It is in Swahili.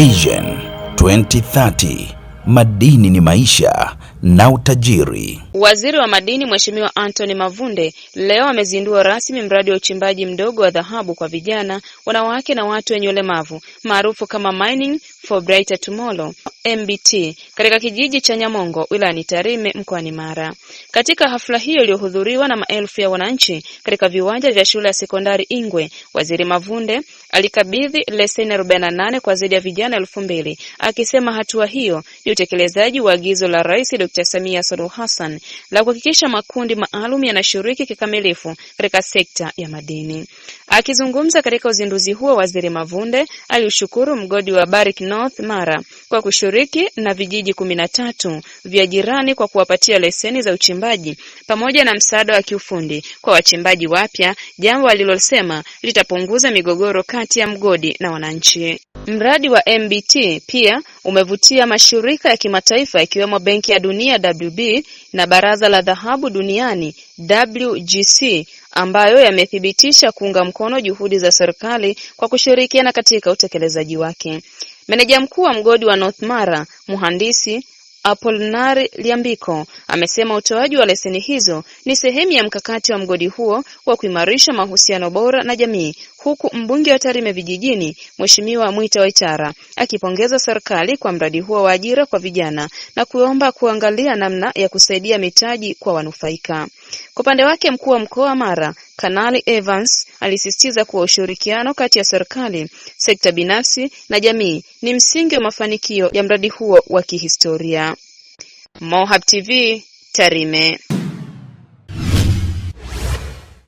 Vision 2030 madini ni maisha na utajiri. Waziri wa madini Mheshimiwa Anthony Mavunde leo amezindua rasmi mradi wa uchimbaji mdogo wa dhahabu kwa vijana, wanawake na watu wenye ulemavu maarufu kama Mining for Brighter Tomorrow MBT katika kijiji cha Nyamongo wilayani Tarime mkoani Mara. Katika hafla hiyo iliyohudhuriwa na maelfu ya wananchi katika viwanja vya shule ya sekondari Ingwe, Waziri Mavunde alikabidhi leseni 48 kwa zaidi ya vijana elfu mbili akisema hatua hiyo ni utekelezaji wa agizo la Rais Dr. Samia Suluhu Hassan la kuhakikisha makundi maalum yanashiriki kikamilifu katika sekta ya madini. Akizungumza katika uzinduzi huo, Waziri Mavunde aliushukuru mgodi wa Barrick North Mara kwa kushiriki na vijiji kumi na tatu vya jirani kwa kuwapatia leseni za uchimbaji pamoja na msaada wa kiufundi kwa wachimbaji wapya, jambo alilosema litapunguza migogoro kati ya mgodi na wananchi. Mradi wa MBT pia umevutia mashirika ya kimataifa ikiwemo Benki ya Dunia WB na Baraza la Dhahabu Duniani WGC ambayo yamethibitisha kuunga mkono juhudi za serikali kwa kushirikiana katika utekelezaji wake. Meneja mkuu wa mgodi wa North Mara, Mhandisi Apolinar liambiko amesema utoaji wa leseni hizo ni sehemu ya mkakati wa mgodi huo wa kuimarisha mahusiano bora na jamii huku mbunge wa Tarime Vijijini Mheshimiwa Mwita Waitara akipongeza serikali kwa mradi huo wa ajira kwa vijana na kuomba kuangalia namna ya kusaidia mitaji kwa wanufaika. Kwa upande wake mkuu wa mkoa Mara Kanali Evans alisisitiza kuwa ushirikiano kati ya serikali, sekta binafsi na jamii ni msingi wa mafanikio ya mradi huo wa kihistoria. Mohab TV, Tarime.